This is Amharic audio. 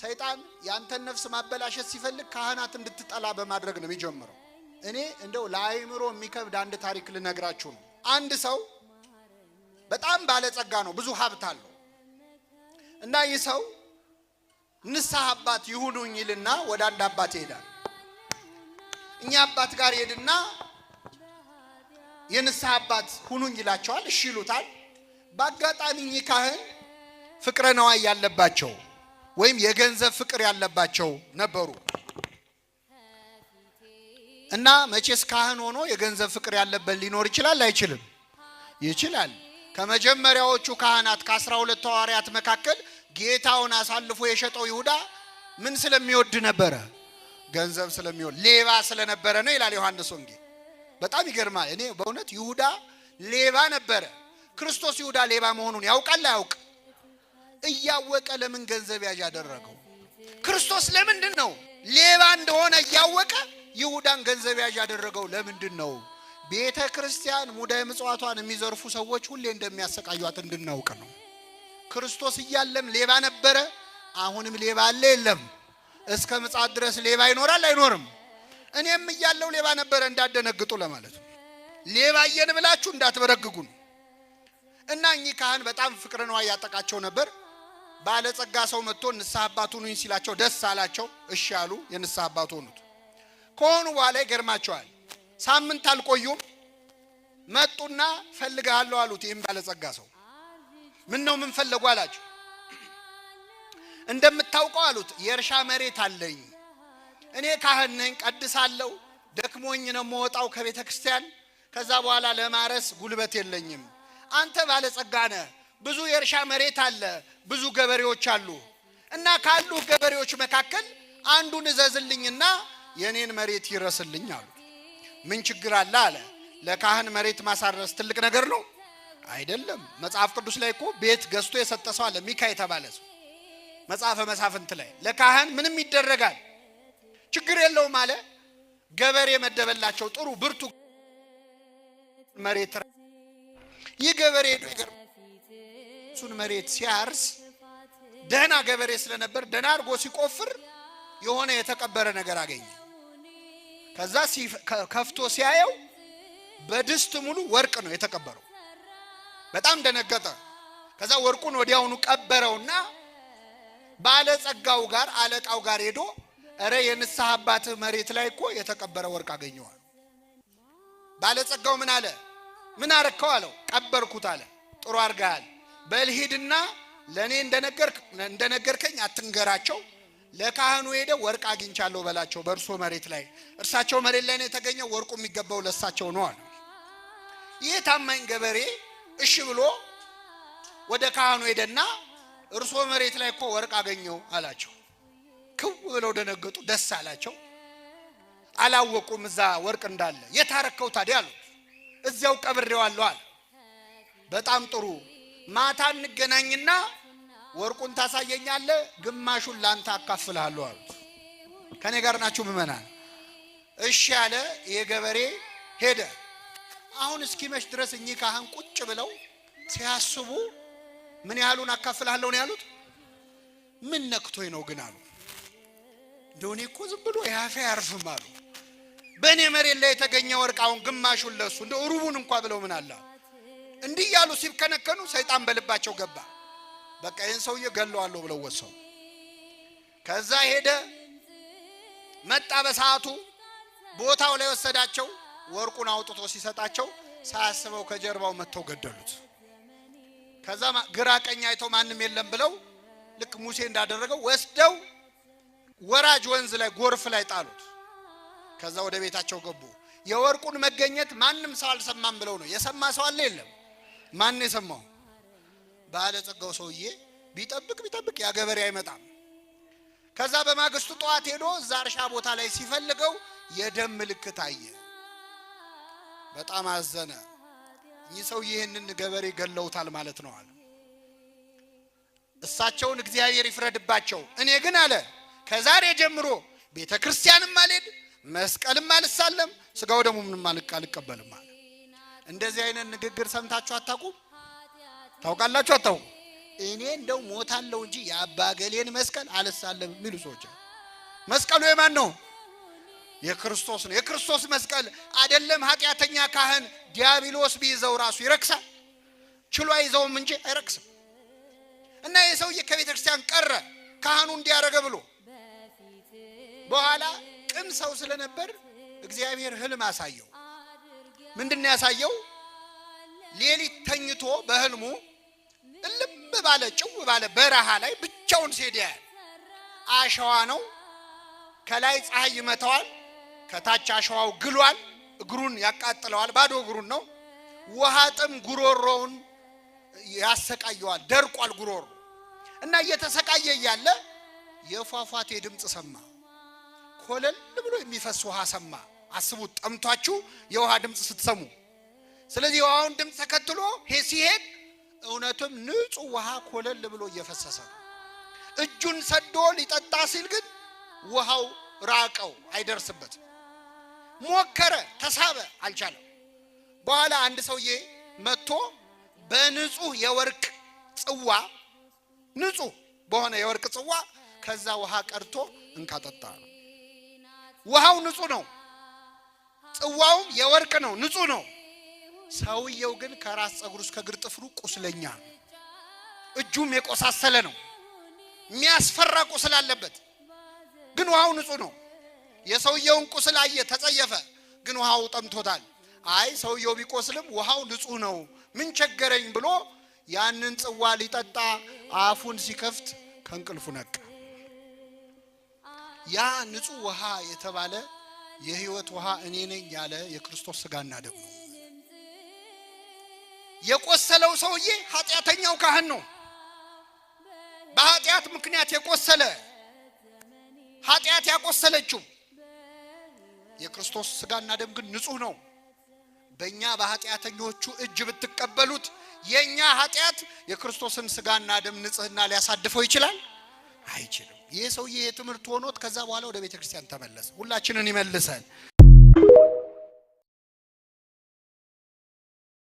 ሰይጣን ያንተን ነፍስ ማበላሸት ሲፈልግ ካህናት እንድትጠላ በማድረግ ነው የሚጀምረው። እኔ እንደው ለአይምሮ የሚከብድ አንድ ታሪክ ልነግራችሁ ነው። አንድ ሰው በጣም ባለጸጋ ነው፣ ብዙ ሀብት አለው እና ይህ ሰው ንስሐ አባት ይሁኑኝ ይልና ወደ አንድ አባት ይሄዳል። እኛ አባት ጋር ሄድና የንስሐ አባት ሁኑኝ ይላቸዋል። እሺ ይሉታል። በአጋጣሚ ካህን ፍቅረ ነዋይ ያለባቸው ወይም የገንዘብ ፍቅር ያለባቸው ነበሩ እና መቼስ ካህን ሆኖ የገንዘብ ፍቅር ያለበት ሊኖር ይችላል አይችልም? ይችላል። ከመጀመሪያዎቹ ካህናት ከአስራ ሁለት ሐዋርያት መካከል ጌታውን አሳልፎ የሸጠው ይሁዳ ምን ስለሚወድ ነበረ? ገንዘብ ስለሚወድ ሌባ ስለነበረ ነው ይላል ዮሐንስ ወንጌል። በጣም ይገርማል። እኔ በእውነት ይሁዳ ሌባ ነበረ። ክርስቶስ ይሁዳ ሌባ መሆኑን ያውቃል አያውቅ? እያወቀ ለምን ገንዘብ ያዥ አደረገው? ክርስቶስ ለምንድን ነው ሌባ እንደሆነ እያወቀ ይሁዳን ገንዘብ ያዥ ያደረገው ለምንድን ነው? ቤተ ክርስቲያን ሙዳይ ምጽዋቷን የሚዘርፉ ሰዎች ሁሌ እንደሚያሰቃዩት እንድናውቅ ነው። ክርስቶስ እያለም ሌባ ነበረ፣ አሁንም ሌባ አለ የለም? እስከ ምጽአት ድረስ ሌባ ይኖራል አይኖርም? እኔም እያለው ሌባ ነበረ እንዳደነግጡ ለማለት ነው። ሌባ እየን ብላችሁ እንዳትበረግጉን እና እኚህ ካህን በጣም ፍቅረ ነዋ ያጠቃቸው ነበር። ባለጸጋ ሰው መጥቶ ንስሐ አባት ሁኑኝ ሲላቸው ደስ አላቸው። እሺ አሉ። የንስሐ አባት ሆኑት። ከሆኑ በኋላ ይገርማቸዋል። ሳምንት አልቆዩም። መጡና ፈልግሃለሁ አሉት። ይህም ባለጸጋ ሰው ምን ነው ምን ፈለጉ አላቸው። እንደምታውቀው አሉት የእርሻ መሬት አለኝ። እኔ ካህን ነኝ፣ ቀድሳለሁ። ደክሞኝ ነው የምወጣው ከቤተ ክርስቲያን። ከዛ በኋላ ለማረስ ጉልበት የለኝም። አንተ ባለጸጋ ነህ ብዙ የእርሻ መሬት አለ፣ ብዙ ገበሬዎች አሉ። እና ካሉ ገበሬዎች መካከል አንዱን እዘዝልኝና የኔን መሬት ይረስልኝ አሉ። ምን ችግር አለ አለ። ለካህን መሬት ማሳረስ ትልቅ ነገር ነው አይደለም። መጽሐፍ ቅዱስ ላይ እኮ ቤት ገዝቶ የሰጠ ሰው አለ፣ ሚካ የተባለ ሰው መጽሐፈ መሳፍንት ላይ ለካህን ምንም ይደረጋል፣ ችግር የለውም አለ። ገበሬ መደበላቸው ጥሩ ብርቱ መሬት ይህ ገበሬ የነበረችውን መሬት ሲያርስ ደህና ገበሬ ስለነበር ደህና አድርጎ ሲቆፍር የሆነ የተቀበረ ነገር አገኘ። ከዛ ከፍቶ ሲያየው በድስት ሙሉ ወርቅ ነው የተቀበረው። በጣም ደነገጠ። ከዛ ወርቁን ወዲያውኑ ቀበረውና ባለጸጋው ጋር አለቃው ጋር ሄዶ እረ የንስሐ አባትህ መሬት ላይ እኮ የተቀበረ ወርቅ አገኘዋል። ባለጸጋው ምን አለ? ምን አረከው አለው። ቀበርኩት አለ። ጥሩ አርጋል። በልሂድና ለእኔ እንደነገርከኝ አትንገራቸው፣ ለካህኑ ሄደ ወርቅ አግኝቻለሁ በላቸው በእርሶ መሬት ላይ። እርሳቸው መሬት ላይ ነው የተገኘው፣ ወርቁ የሚገባው ለእሳቸው ነው አሉ። ይህ ታማኝ ገበሬ እሺ ብሎ ወደ ካህኑ ሄደና እርሶ መሬት ላይ እኮ ወርቅ አገኘው አላቸው። ክው ብለው ደነገጡ፣ ደስ አላቸው። አላወቁም እዛ ወርቅ እንዳለ። የታረከው ታዲያ አሉ። እዚያው ቀብሬዋለሁ አለ። በጣም ጥሩ ማታ እንገናኝና ወርቁን ታሳየኛለ፣ ግማሹን ላንተ አካፍልሃለሁ አሉት። ከኔ ጋር ናችሁ ምዕመናን? እሺ ያለ የገበሬ ሄደ። አሁን እስኪመሽ ድረስ እኚህ ካህን ቁጭ ብለው ሲያስቡ ምን ያህሉን አካፍልሃለሁ ነው ያሉት። ምን ነክቶኝ ነው ግን አሉ። እንደው እኮ ዝም ብሎ ያፌ አያርፍም አሉ። በእኔ መሬት ላይ የተገኘ ወርቅ አሁን ግማሹን ለሱ እንደ ሩቡን እንኳ ብለው ምን አለ እንዲህ ያሉ ሲብከነከኑ ሰይጣን በልባቸው ገባ። በቃ ይህን ሰውዬ ገለዋለሁ ብለው ወሰው። ከዛ ሄደ መጣ። በሰዓቱ ቦታው ላይ ወሰዳቸው። ወርቁን አውጥቶ ሲሰጣቸው ሳያስበው ከጀርባው መጥተው ገደሉት። ከዛ ግራ ቀኝ አይተው ማንም የለም ብለው ልክ ሙሴ እንዳደረገው ወስደው ወራጅ ወንዝ ላይ ጎርፍ ላይ ጣሉት። ከዛ ወደ ቤታቸው ገቡ። የወርቁን መገኘት ማንም ሰው አልሰማም ብለው ነው። የሰማ ሰው አለ የለም? ማን የሰማው? ባለጸጋው ሰውዬ ቢጠብቅ ቢጠብቅ ያ ገበሬ አይመጣም። ከዛ በማግስቱ ጠዋት ሄዶ እዛ እርሻ ቦታ ላይ ሲፈልገው የደም ምልክት አየ። በጣም አዘነ። ይህ ሰው ይህንን ገበሬ ገለውታል ማለት ነው አለ። እሳቸውን እግዚአብሔር ይፍረድባቸው። እኔ ግን አለ ከዛሬ ጀምሮ ቤተ ክርስቲያንም አልሄድ፣ መስቀልም አልሳለም፣ ስጋው ምንም አልቀበልም አለ። እንደዚህ አይነት ንግግር ሰምታችሁ አታውቁም? ታውቃላችሁ? አታውቁም? እኔ እንደው ሞታለሁ እንጂ የአባገሌን መስቀል አልሳለም የሚሉ ሰዎች መስቀሉ የማን ነው? የክርስቶስ ነው። የክርስቶስ መስቀል አይደለም ኃጢአተኛ ካህን ዲያብሎስ ቢይዘው ራሱ ይረክሳል። ችሎ አይዘውም እንጂ አይረክስም። እና ይህ ሰውዬ ከቤተ ክርስቲያን ቀረ ካህኑ እንዲያደረገ ብሎ በኋላ ቅም ሰው ስለነበር እግዚአብሔር ህልም አሳየው። ምንድን ያሳየው? ሌሊት ተኝቶ በህልሙ እልም ባለ ጭው ባለ በረሃ ላይ ብቻውን ሲሄድ ያያል። አሸዋ ነው። ከላይ ፀሐይ ይመታዋል፣ ከታች አሸዋው ግሏል፣ እግሩን ያቃጥለዋል። ባዶ እግሩን ነው። ውሃ ጥም ጉሮሮውን ያሰቃየዋል፣ ደርቋል ጉሮሮ እና እየተሰቃየ እያለ የፏፏቴ ድምፅ ሰማ። ኮለል ብሎ የሚፈስ ውሃ ሰማ። አስቡት፣ ጠምቷችሁ የውሃ ድምፅ ስትሰሙ። ስለዚህ የውሃውን ድምፅ ተከትሎ ሲሄድ እውነቱም ንጹህ ውሃ ኮለል ብሎ እየፈሰሰ ነው። እጁን ሰዶ ሊጠጣ ሲል ግን ውሃው ራቀው፣ አይደርስበትም። ሞከረ፣ ተሳበ፣ አልቻለም። በኋላ አንድ ሰውዬ መጥቶ በንጹህ የወርቅ ጽዋ ንጹህ በሆነ የወርቅ ጽዋ ከዛ ውሃ ቀድቶ እንካጠጣ ነው። ውሃው ንጹህ ነው። ጽዋውም የወርቅ ነው፣ ንጹህ ነው። ሰውየው ግን ከራስ ጸጉር እስከ እግር ጥፍሩ ቁስለኛ ነው። እጁም የቆሳሰለ ነው። የሚያስፈራ ቁስል አለበት። ግን ውሃው ንጹህ ነው። የሰውየውን ቁስል አየ፣ ተጸየፈ። ግን ውሃው ጠምቶታል። አይ ሰውየው ቢቆስልም ውሃው ንጹህ ነው፣ ምን ቸገረኝ ብሎ ያንን ጽዋ ሊጠጣ አፉን ሲከፍት ከእንቅልፉ ነቃ። ያ ንጹህ ውሃ የተባለ የህይወት ውሃ እኔ ነኝ ያለ የክርስቶስ ስጋና ደም ነው። የቆሰለው ሰውዬ ኃጢአተኛው ካህን ነው። በኃጢአት ምክንያት የቆሰለ ኃጢአት ያቆሰለችው የክርስቶስ ስጋና ደም ግን ንጹህ ነው። በእኛ በኃጢአተኞቹ እጅ ብትቀበሉት የእኛ ኃጢአት የክርስቶስን ስጋና ደም ንጽህና ሊያሳድፈው ይችላል? አይችልም። ይህ ሰውዬ የትምህርት ሆኖት ከዛ በኋላ ወደ ቤተ ክርስቲያን ተመለሰ። ሁላችንን ይመልሰን።